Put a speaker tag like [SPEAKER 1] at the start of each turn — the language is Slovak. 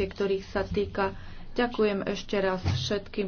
[SPEAKER 1] ktorých sa týka. Ďakujem ešte raz všetkým.